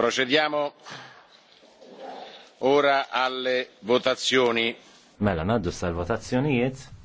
Procediamo ora alle votazioni. Mela, naddu sal-votazzjonijiet.